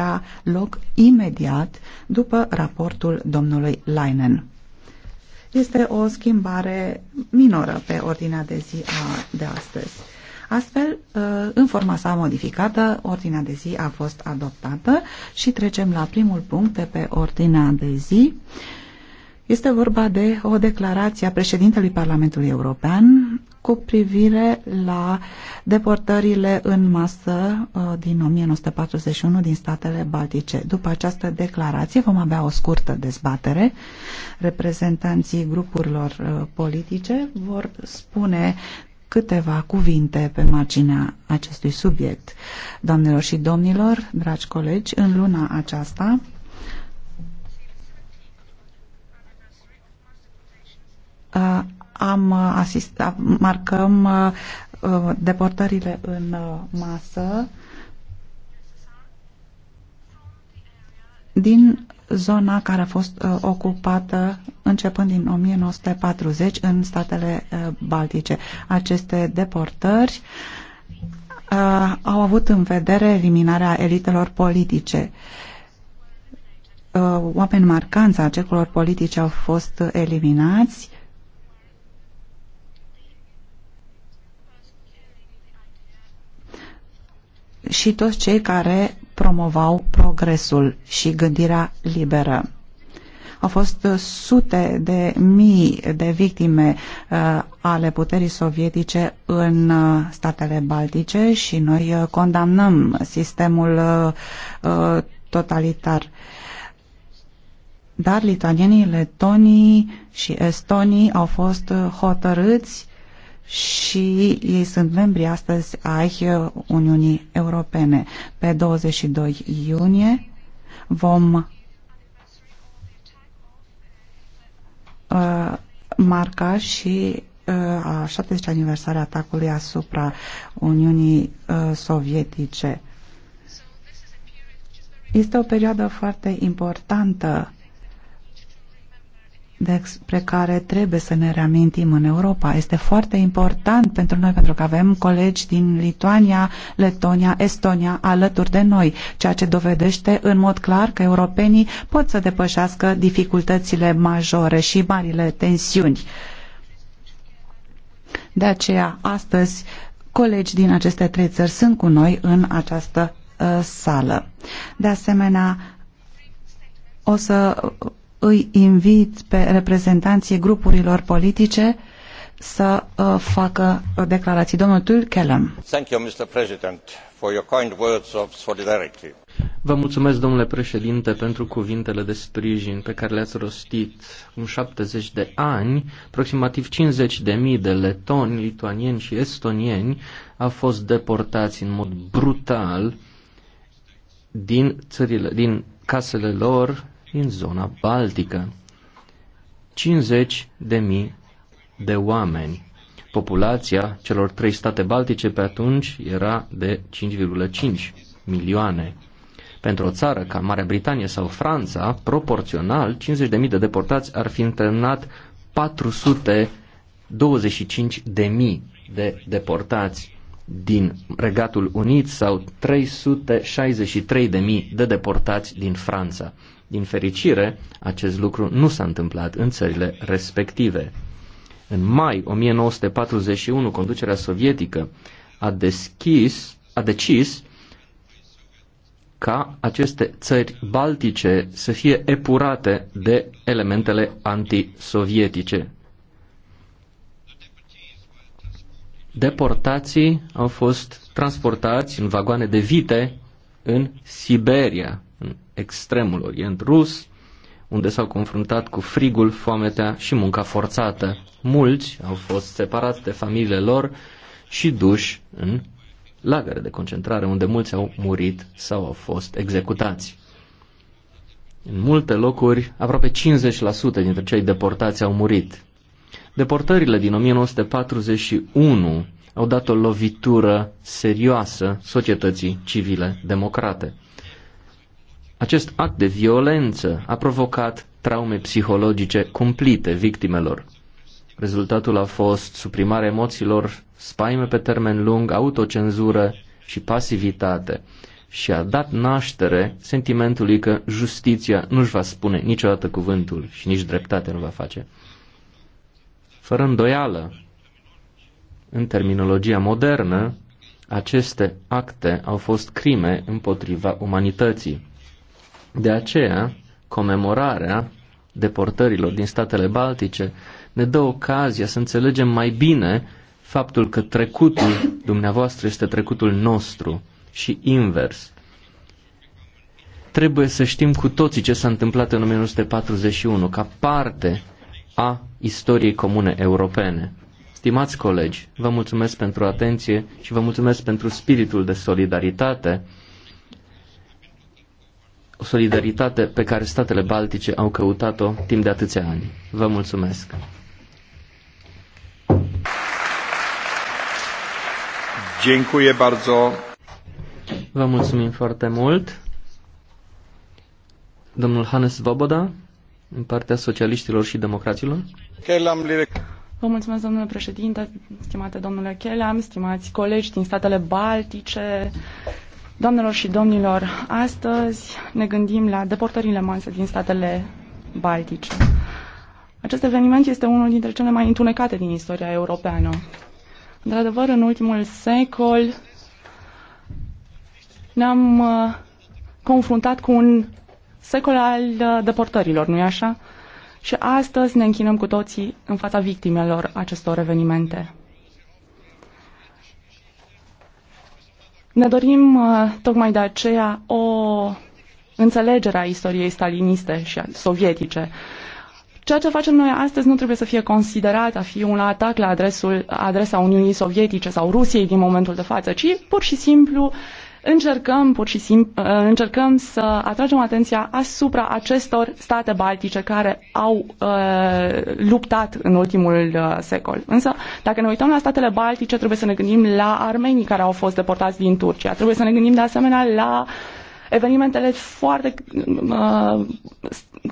avea loc imediat după raportul domnului Leinen. Este o schimbare minoră pe ordinea de zi a, de astăzi. Astfel, ă, în forma sa modificată, ordinea de zi a fost adoptată și trecem la primul punct de pe ordinea de zi. Este vorba de o declarație a președintelui Parlamentului European cu privire la deportările în masă uh, din 1941 din statele baltice. După această declarație vom avea o scurtă dezbatere. Reprezentanții grupurilor uh, politice vor spune câteva cuvinte pe marginea acestui subiect. Doamnelor și domnilor, dragi colegi, în luna aceasta uh, am uh, asistat, marcăm uh, uh, deportările în masă din zona care a fost ocupată începând din 1940 în statele baltice. Aceste deportări au avut în vedere eliminarea elitelor politice. oameni marcanți a cercurilor politice au fost eliminați și toți cei care promovau progresul și gândirea liberă. Au fost sute de mii de victime uh, ale puterii sovietice în uh, statele baltice și noi uh, condamnăm sistemul uh, uh totalitar. Dar lituanienii, letonii și estonii au fost uh, hotărâți și ei sunt membri astăzi ai Uniunii Europene. Pe 22 iunie vom uh, marca și uh, a 70 aniversare atacului asupra Uniunii uh, Sovietice. Este o perioadă foarte importantă despre care trebuie să ne reamintim în Europa. Este foarte important pentru noi, pentru că avem colegi din Lituania, Letonia, Estonia alături de noi, ceea ce dovedește în mod clar că europenii pot să depășească dificultățile majore și marile tensiuni. De aceea, astăzi, colegi din aceste trei țări sunt cu noi în această uh, sală. De asemenea, o să îi invit pe reprezentanții grupurilor politice să uh, facă declarații. Domnul Tul Kellam. Thank you, Mr. President, for your kind words of solidarity. Vă mulțumesc, domnule președinte, pentru cuvintele de sprijin pe care le-ați rostit în 70 de ani. Aproximativ 50 de mii de letoni, lituanieni și estonieni au fost deportați în mod brutal din, țările, din casele lor și în zona baltică. 50 de mii de oameni. Populația celor trei state baltice pe atunci era de 5,5 milioane. Pentru o țară ca Marea Britanie sau Franța, proporțional, 50 de mii de deportați ar fi întâlnat 425 de mii de deportați din Regatul Unit sau mii de deportați din Franța. Din fericire, acest lucru nu s-a întâmplat în țările respective. În mai 1941, conducerea sovietică a, deschis, a decis ca aceste țări baltice să fie epurate de elementele antisovietice. Deportații au fost transportați în vagoane de vite în Siberia, în extremul Orient rus, unde s-au confruntat cu frigul, foametea și munca forțată. Mulți au fost separați de familiile lor și duși în lagăre de concentrare, unde mulți au murit sau au fost executați. În multe locuri, aproape 50% dintre cei deportați au murit. Deportările din 1941 au dat o lovitură serioasă societății civile democrate. Acest act de violență a provocat traume psihologice cumplite victimelor. Rezultatul a fost suprimarea emoțiilor, spaime pe termen lung, autocenzură și pasivitate și a dat naștere sentimentului că justiția nu-și va spune niciodată cuvântul și nici dreptatea nu va face. Fără îndoială, în terminologia modernă, aceste acte au fost crime împotriva umanității. De aceea, comemorarea deportărilor din statele baltice ne dă ocazia să înțelegem mai bine faptul că trecutul dumneavoastră este trecutul nostru și invers. Trebuie să știm cu toții ce s-a întâmplat în 1941 ca parte a istoriei comune europene. Stimați colegi, vă mulțumesc pentru atenție și vă mulțumesc pentru spiritul de solidaritate solidaritate pe care statele baltice au căutat-o timp de atâția ani. Vă mulțumesc! Dziękuję bardzo. Vă mulțumim foarte mult. Domnul Hannes Voboda, în partea socialiștilor și democraților. Vă mulțumesc, domnule președinte, stimate domnule Chelam, stimați colegi din statele baltice, Doamnelor și domnilor, astăzi ne gândim la deportările mase din statele baltice. Acest eveniment este unul dintre cele mai întunecate din istoria europeană. Într-adevăr, în ultimul secol ne-am uh, confruntat cu un secol al uh, deportărilor, nu-i așa? Și astăzi ne închinăm cu toții în fața victimelor acestor evenimente. Ne dorim uh, tocmai de aceea o înțelegere a istoriei staliniste și sovietice. Ceea ce facem noi astăzi nu trebuie să fie considerat a fi un atac la adresul, adresa Uniunii Sovietice sau Rusiei din momentul de față, ci pur și simplu încercăm pur și simplu uh, încercăm să atragem atenția asupra acestor state baltice care au uh, luptat în ultimul uh, secol. Însă, dacă ne uităm la statele baltice, trebuie să ne gândim la armenii care au fost deportați din Turcia. Trebuie să ne gândim de asemenea la evenimentele foarte uh,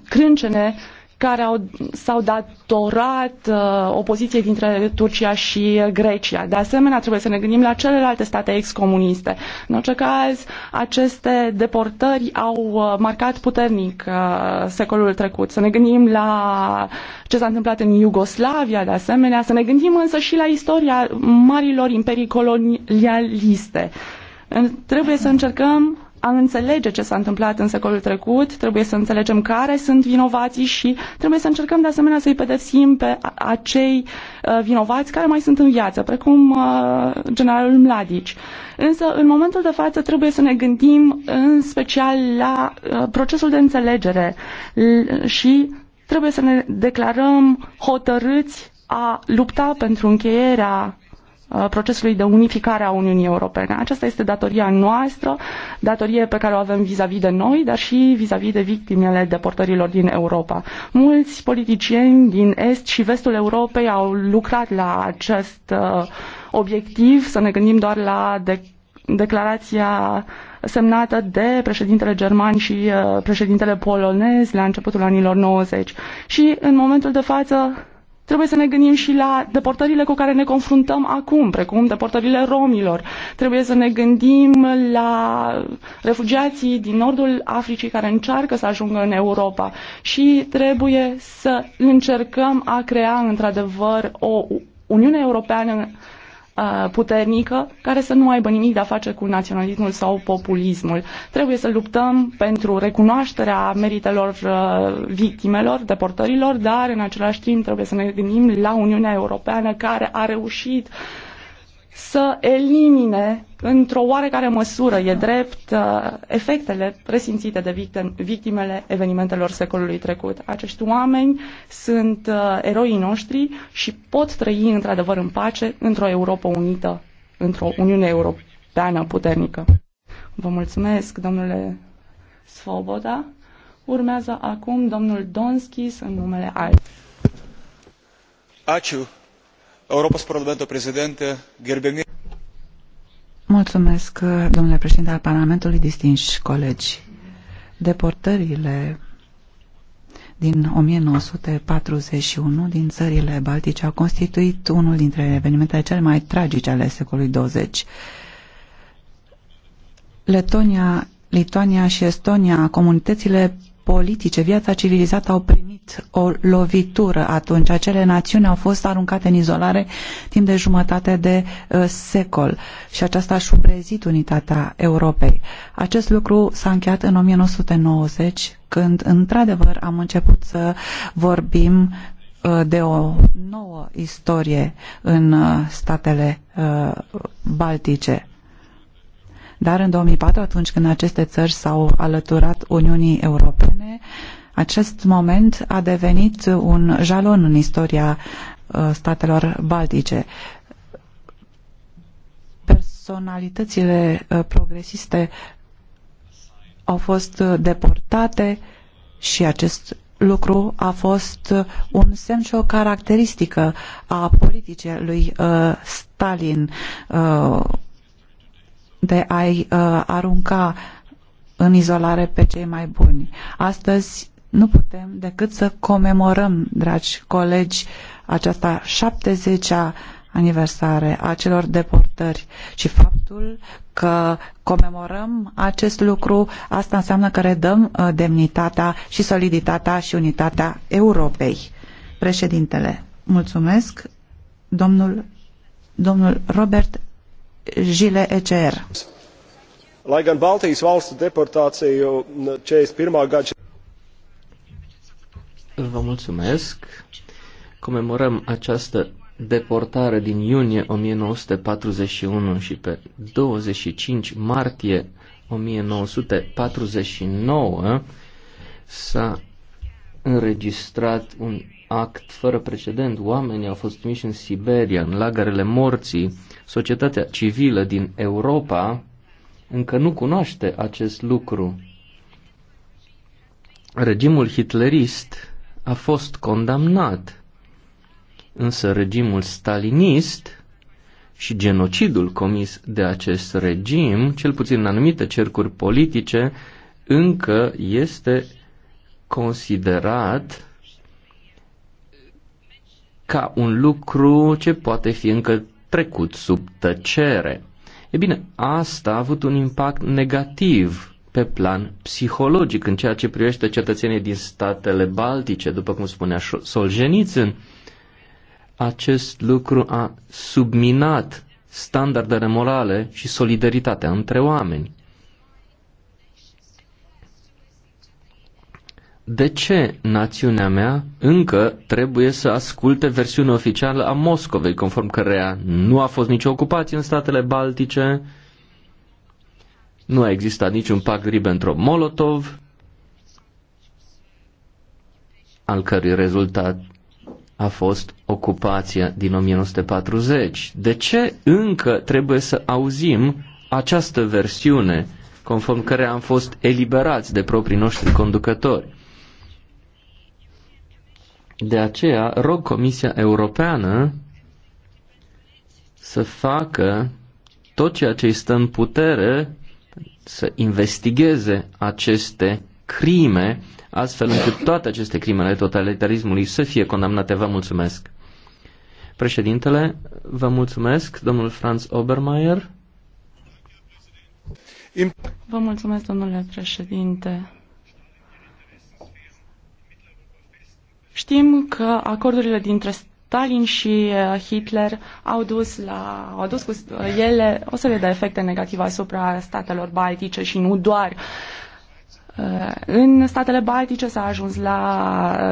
crâncene uh, care au, s-au datorat uh, opoziției dintre Turcia și Grecia. De asemenea, trebuie să ne gândim la celelalte state excomuniste. În orice caz, aceste deportări au uh, marcat puternic uh, secolul trecut. Să ne gândim la ce s-a întâmplat în Iugoslavia, de asemenea, să ne gândim însă și la istoria marilor imperii colonialiste. Trebuie să încercăm am înțelege ce s-a întâmplat în secolul trecut, trebuie să înțelegem care sunt vinovații și trebuie să încercăm de asemenea să-i pedepsim pe acei uh, vinovați care mai sunt în viață, precum uh, generalul Mladici. Însă, în momentul de față, trebuie să ne gândim în special la uh, procesul de înțelegere și trebuie să ne declarăm hotărâți a lupta pentru încheierea Uh, procesului de unificare a Uniunii Europene. Aceasta este datoria noastră, datorie pe care o avem vis-a-vis -vis de noi, dar și vis-a-vis -vis de victimele deportărilor din Europa. Mulți politicieni din Est și Vestul Europei au lucrat la acest uh, obiectiv, să ne gândim doar la de- declarația semnată de președintele german și uh, președintele polonez la începutul anilor 90. Și în momentul de față Trebuie să ne gândim și la deportările cu care ne confruntăm acum, precum deportările romilor. Trebuie să ne gândim la refugiații din nordul Africii care încearcă să ajungă în Europa și trebuie să încercăm a crea într-adevăr o Uniune Europeană Uh, puternică care să nu aibă nimic de a face cu naționalismul sau populismul. Trebuie să luptăm pentru recunoașterea meritelor uh, victimelor, deportărilor, dar în același timp trebuie să ne gândim la Uniunea Europeană care a reușit să elimine într-o oarecare măsură, e drept, uh, efectele presimțite de victimele evenimentelor secolului trecut. Acești oameni sunt uh, eroii noștri și pot trăi într-adevăr în pace într-o Europa unită, într-o Uniune Europeană puternică. Vă mulțumesc, domnule Svoboda. Urmează acum domnul Donskis în numele alt. Aciu europos parlamento prezidente gerbiami Mulțumesc, domnule președinte al Parlamentului, distinși colegi. Deportările din 1941 din țările baltice au constituit unul dintre evenimentele cele mai tragice ale secolului 20. Letonia, Lituania și Estonia, comunitățile politice, viața civilizată au primit o lovitură atunci. Acele națiuni au fost aruncate în izolare timp de jumătate de uh, secol și aceasta a șubrezit unitatea Europei. Acest lucru s-a încheiat în 1990 când într-adevăr am început să vorbim uh, de o nouă istorie în uh, statele uh, baltice dar în 2004, atunci când aceste țări s-au alăturat Uniunii Europene, acest moment a devenit un jalon în istoria uh, statelor baltice. Personalitățile uh, progresiste au fost uh, deportate și acest lucru a fost un semn și o caracteristică a politicii lui Stalin de a-i uh, arunca în izolare pe cei mai buni. Astăzi nu putem decât să comemorăm, dragi colegi, această 70-a aniversare a celor deportări și faptul că comemorăm acest lucru, asta înseamnă că redăm uh, demnitatea și soliditatea și unitatea Europei. Președintele, mulțumesc. Domnul, domnul Robert Žile ECR. Lai gan Baltijas valstu deportāciju 41. gada. Vă mulțumesc. Comemorăm această deportare din iunie 1941 și pe 25 martie 1949 s-a înregistrat un act fără precedent. Oamenii au fost trimiși în Siberia, în lagărele morții. Societatea civilă din Europa încă nu cunoaște acest lucru. Regimul hitlerist a fost condamnat, însă regimul stalinist și genocidul comis de acest regim, cel puțin în anumite cercuri politice, încă este considerat ca un lucru ce poate fi încă trecut sub tăcere. E bine, asta a avut un impact negativ pe plan psihologic în ceea ce privește cetățenii din statele baltice, după cum spunea Solzhenitsyn. Acest lucru a subminat standardele morale și solidaritatea între oameni. de ce națiunea mea încă trebuie să asculte versiunea oficială a Moscovei, conform căreia nu a fost nicio ocupație în statele Baltice, nu a existat niciun pact Ribbentrop-Molotov, al cărui rezultat a fost ocupația din 1940. De ce încă trebuie să auzim această versiune conform care am fost eliberați de proprii noștri conducători? De aceea rog Comisia Europeană să facă tot ceea ce îi stă în putere să investigheze aceste crime, astfel încât toate aceste crime ale totalitarismului să fie condamnate. Vă mulțumesc. Președintele, vă mulțumesc, domnul Franz Obermeier. Vă mulțumesc, domnule președinte. Știm că acordurile dintre Stalin și uh, Hitler au dus, la, au dus cu uh, ele o serie de efecte negative asupra statelor baltice și nu doar. Uh, Uh, în statele baltice s-a ajuns la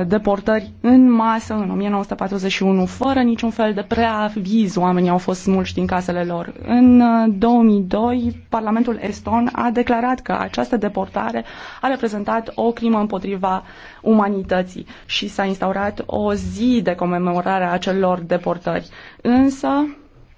uh, deportări în masă în 1941, fără niciun fel de preaviz. Oamenii au fost smulși din casele lor. În 2002, uh, Parlamentul Eston a declarat că această deportare a reprezentat o crimă împotriva umanității și s-a instaurat o zi de comemorare a acelor deportări. Însă,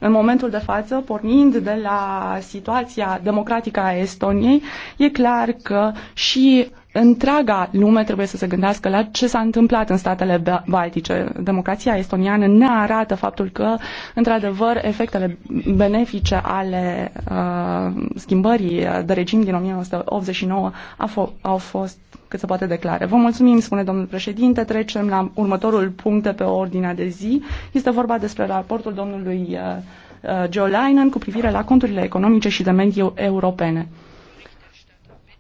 în momentul de față, pornind de la situația democratică a Estoniei, e clar că și întreaga lume trebuie să se gândească la ce s-a întâmplat în statele baltice. Democrația estoniană ne arată faptul că, într-adevăr, efectele benefice ale uh, schimbării de regim din 1989 au, au fost cât se poate declare. Vă mulțumim, spune domnul președinte. Trecem la următorul punct pe ordinea de zi. Este vorba despre raportul domnului uh, Joe uh, Leinen cu privire la conturile economice și de mediu europene.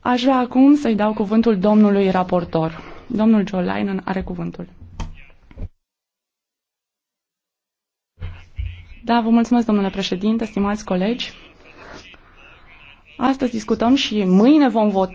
Aș vrea acum să-i dau cuvântul domnului raportor. Domnul Jolainen are cuvântul. Da, vă mulțumesc, domnule președinte, stimați colegi. Astăzi discutăm și mâine vom vota.